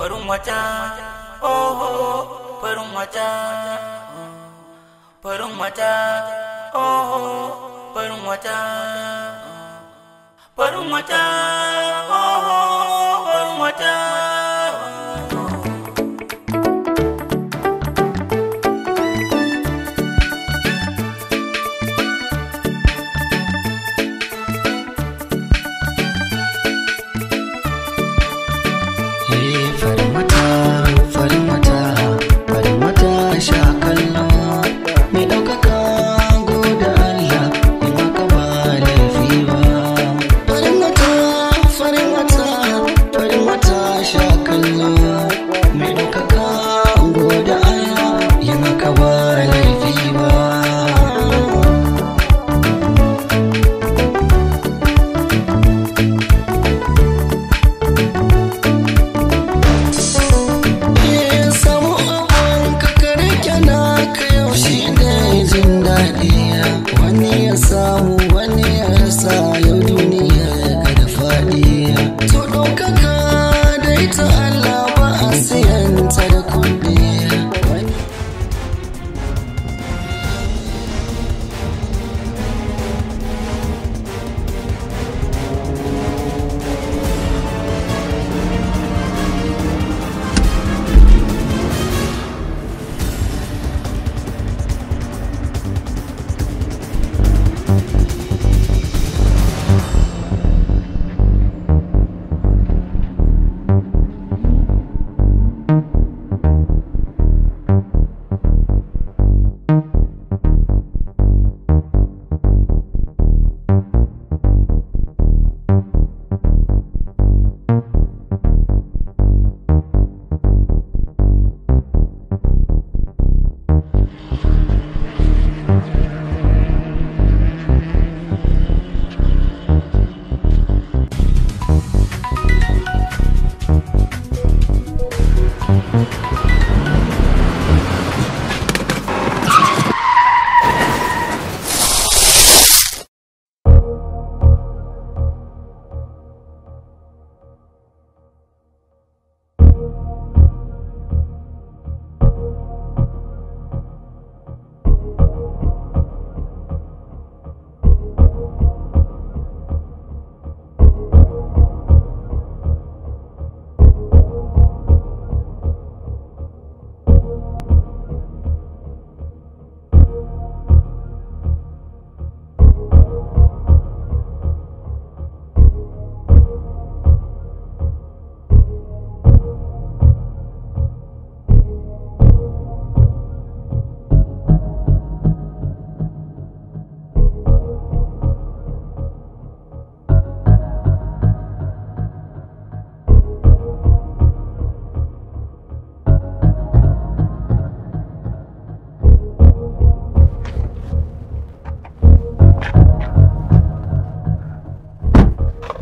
farin oh oho farin wata oh, wata oho farin wata farin wata oho farin wata Yeah.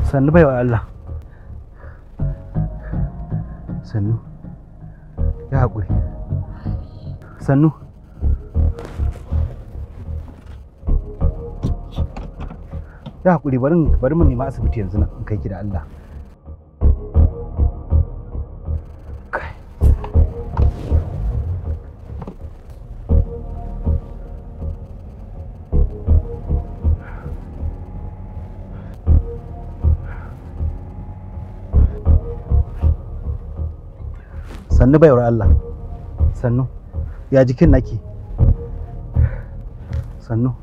sannu baiwa Allah sannu ya haƙuri sannu ya haƙuri bari mu nema asibiti yanzu nan in kai ki da Allah sannu baiwar Allah sannu ya jikin nake sannu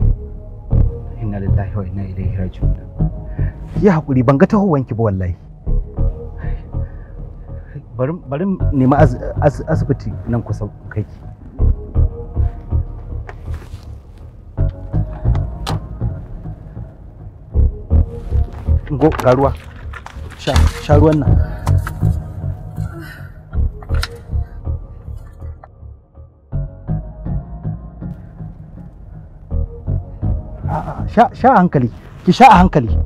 inna lillahi wa inna ilaihi raji'un ya hakuri ban ga ki ba wallahi bari nemi asibiti nan kusa kai go ga ruwa sha ruwan nan sha sha hankali ki sha a hankali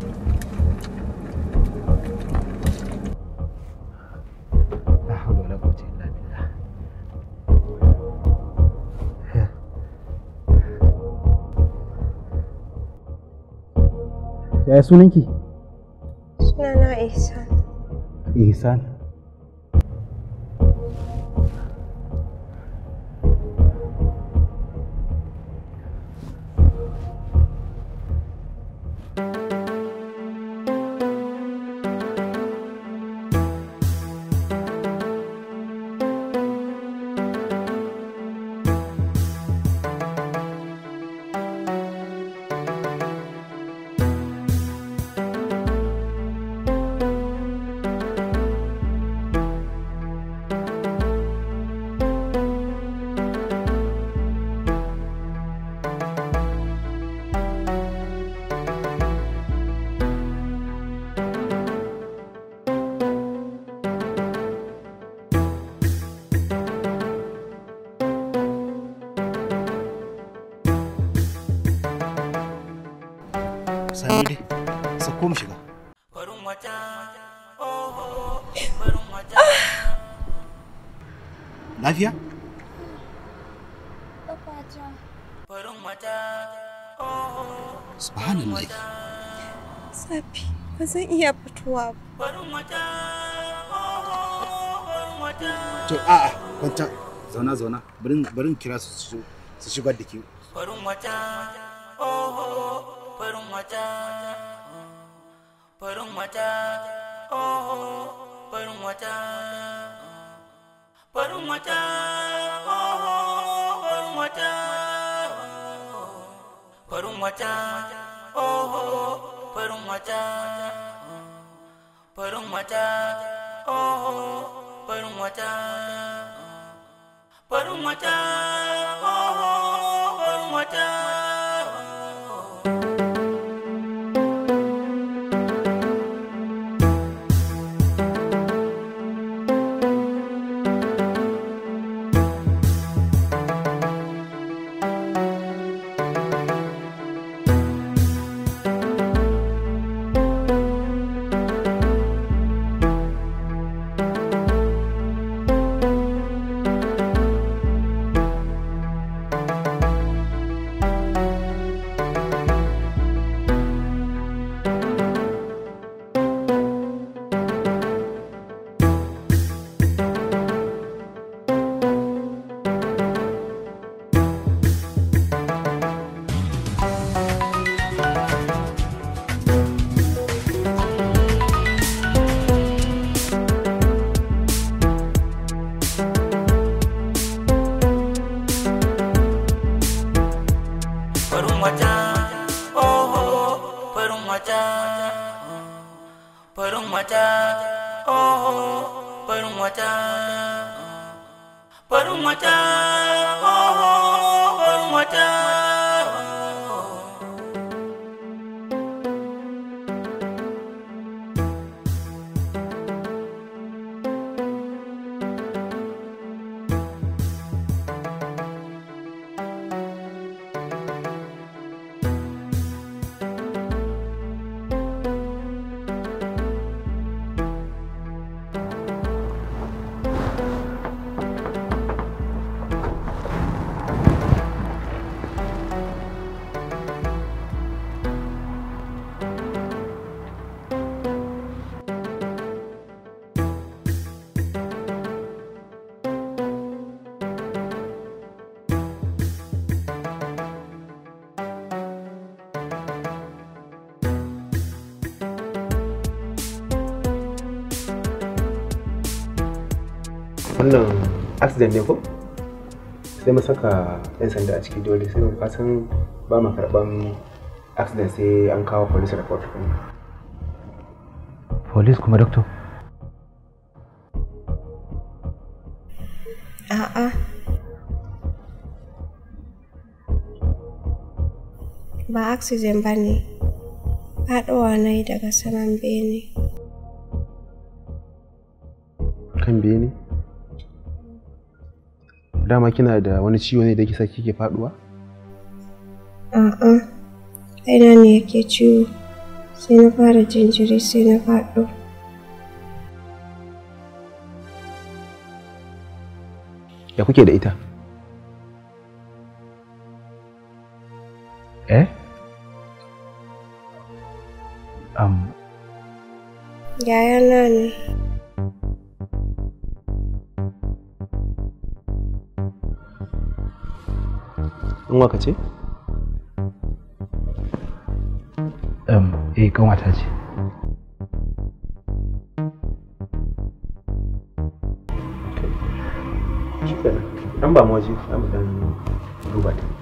Yaya sunanki? Sunana Ihsan. Ihsan. Thank you. sani dai sako mu shiga lafiya wata oho subhanallah sabi ba zan iya fitowa ba to a'a kwanta zauna zauna barin barin kira su su shigar da ke wata Put on my time, put oh, put on my time, put on my time, oh, put on my time, put on oh, put on my time, oh, put on my time, put on my oh, put on wannan accident ne ko sai mu saka yan sanda a ciki dole sai mu kasan ba ma karban accident sai an kawo police report police kuma doctor a'a ba accident ba ne faɗowa na yi daga saman bene kan bene dama kina da wani ciwo ne da yake saki kike faduwa? A'a, kaina ne yake ciwo, sai na fara jinjiri sai na faɗo. Ya kuke da ita? Eh? Um. Yayana ne. kuma ka ce? eh ta ce shi kenan dan ba mawaje za ba dan duba ta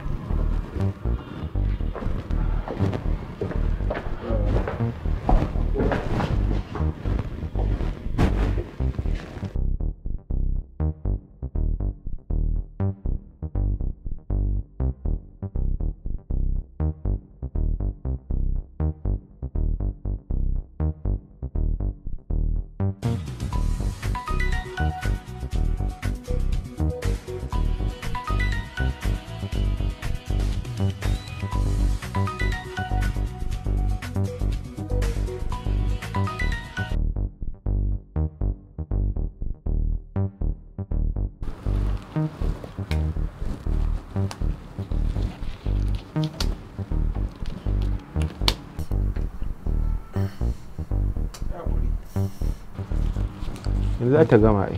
za ta gama ai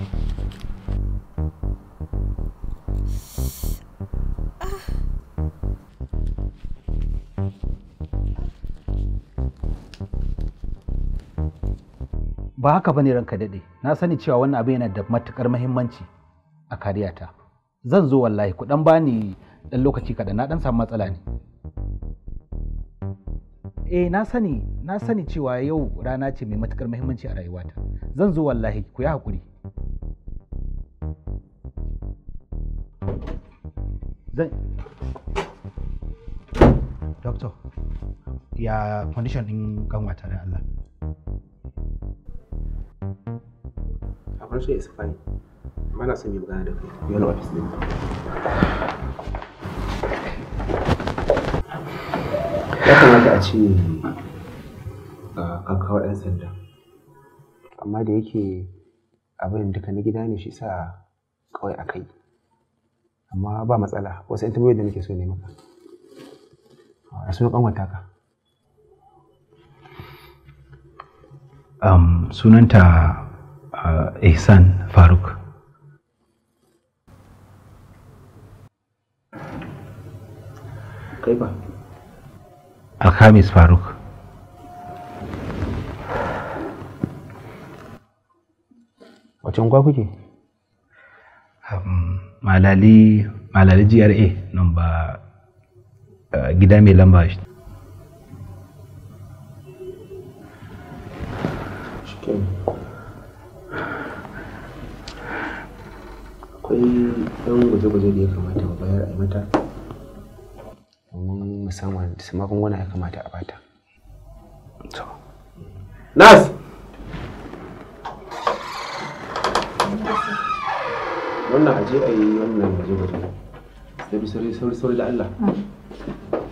ba haka bane ranka daɗe na sani cewa wannan abin yana da matukar muhimmanci a kariyata zan zo wallahi ku dan bani dan lokaci kaɗan na dan samu matsala ne eh na sani na sani cewa yau rana ce mai matukar muhimmanci a rayuwata zan zo wallahi ku yi haƙuri zan doctor ya condition din kanwata da Allah abin so isa fani mana sun yi magana da kai ku yana ofis din ya kamata a ce ka ah, kawo ɗan sanda amma da yake abin duka na gida ne shi sa kawai a kai amma ba matsala wasu yan tambayoyi da nake so ne maka a kan wata ka sunanta uh, faruk kai ba alhamis faruk wace unguwa kuke um, malali malali gra ba uh, gida mai lamba shi akwai ɗan guje-guje da ya kamata mu bayar a mata domin musamman su magunguna ya kamata a bata nas wannan aje a yi wannan gwaje-gwaje da bisari sauri-sauri da Allah mm.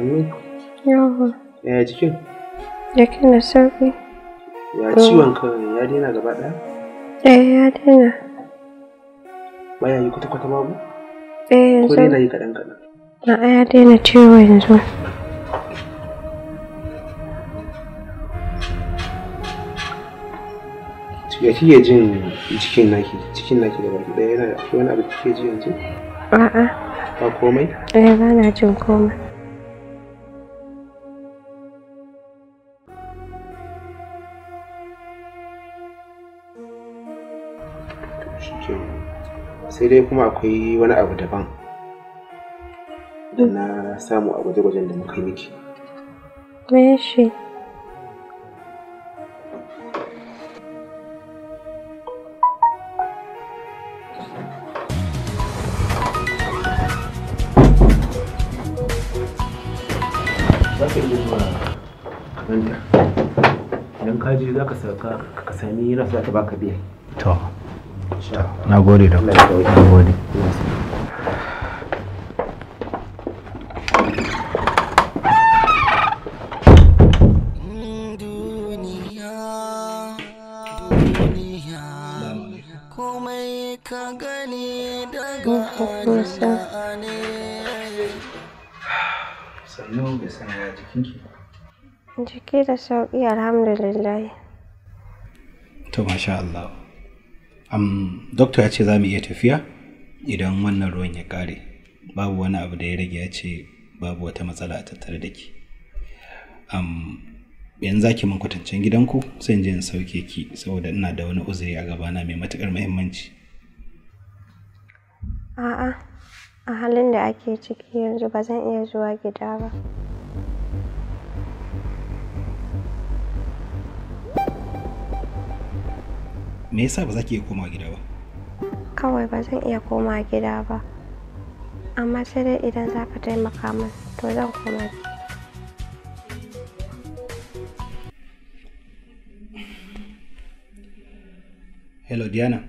sannu yawa yaya jikin jikin da sauƙi. ya ciwon ka ya daina gaba ɗaya eh ya daina baya yi kwata-kwata babu eh yanzu ko daina yi kaɗan-kaɗan a'a ya daina ciwo yanzu ya kike jin cikin naki cikin naki da baki daya yana da wani abu da kike ji yanzu a'a ba komai eh ba na jin komai sai dai kuma akwai wani abu daban da na samu a gwaje-gwajen da muka yi miki me shi Idan ka ji za ka sami yana sa ta baka biya. To. na gode da na gode da jiki da sauƙi alhamdulillah to masha Allah um, dokta ya ce za mu iya tafiya idan wannan ruwan ya ƙare babu wani abu da ya rage ya ce babu wata matsala a tattare da ke um, yanzu za ki mun kwatancen gidanku sai in je in sauke ki saboda ina da wani uzuri a gabana mai matukar muhimmanci a'a a halin da ake ciki yanzu ba zan iya zuwa gida ba me yasa ba za ki iya koma gida ba kawai ba zan iya koma gida ba amma sai dai idan za ka taimaka min to zan koma hello diana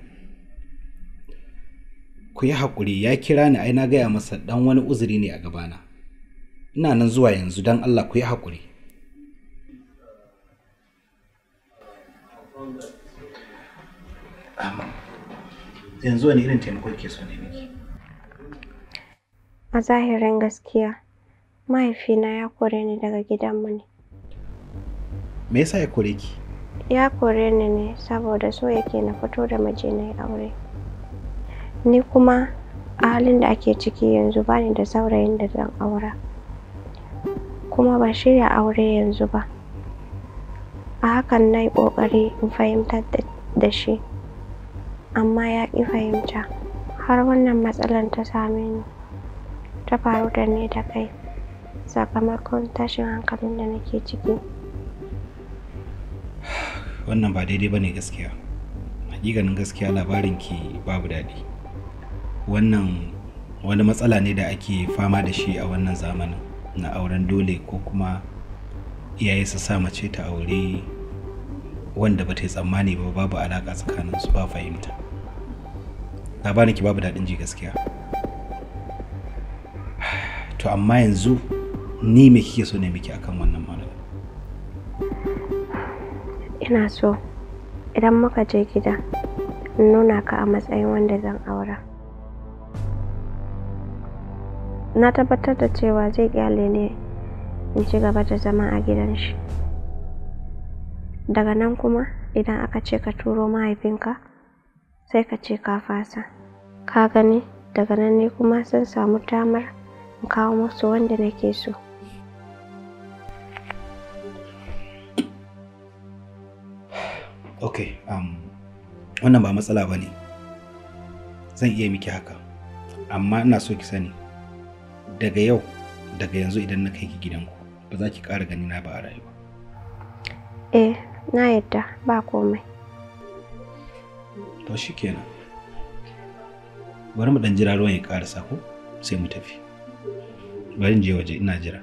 ku yi hakuri ya kira ni ai na gaya masa ɗan wani uzuri ne a gabana ina nan zuwa yanzu don allah ku yi hakuri. yanzu wani irin taimako ke so ne miki a zahirin gaskiya mahaifina ya kore ni daga gidanmu ne me yasa ya kore ki ya kore ni ne saboda so yake na fito da maje na yi aure ni kuma a halin da ake ciki yanzu bani da saurayin da zan aura kuma ba shirya aure yanzu ba a hakan na yi ƙoƙari in fahimtar da shi amma ya ƙi fahimta har wannan matsalar ta same ni ta faru da ni da kai sakamakon tashin hankalin da nake ciki wannan ba daidai ba ne gaskiya haƙiƙanin gaskiya labarin ki babu daɗi wannan wani matsala ne da ake fama da shi a wannan zamanin na auren dole ko kuma iyaye su sa mace ta aure wanda ba ta yi tsammani ba babu alaƙa tsakanin su ba fahimta ni ki babu daɗin ji gaskiya to amma yanzu ni me kike so ne miki akan wannan malam ina so idan muka je gida in nuna ka a matsayin wanda zan aura na tabbatar da cewa zai kyale ne in ci gaba da zama a gidan shi Daga nan kuma idan aka ce ka turo mahaifinka sai ka ce ka fasa. Ka gani daga nan ne kuma sun samu damar in kawo musu wanda nake so. Ok, um, wannan ba matsala ba ne. Zan iya miki haka, amma ina so ki sani daga yau daga yanzu idan na kai ki gidanku ba za ki ƙara na ba a rayuwa. Eh, na yadda ba komai to kenan bari mu dan jira ruwan ya karasa ko sai mu tafi bari je waje ina jira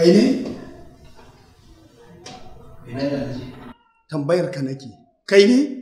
kai ne tambayar ka nake kai ne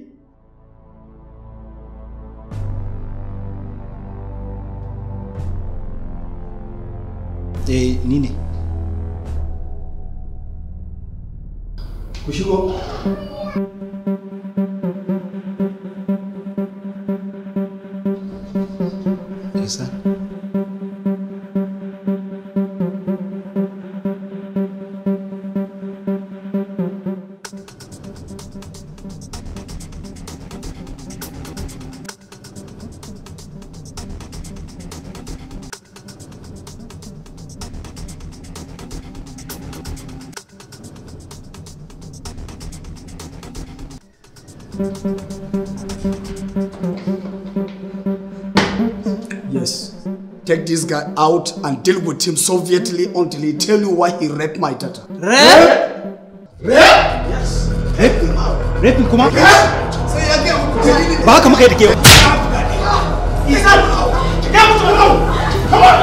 out and deal with him sovietly until he tell you why he raped my daughter. Rape? Rape? Yes. Rape him out. Rape him, come out. Rape? Say again. Ba haka muka yi da ke. Come on.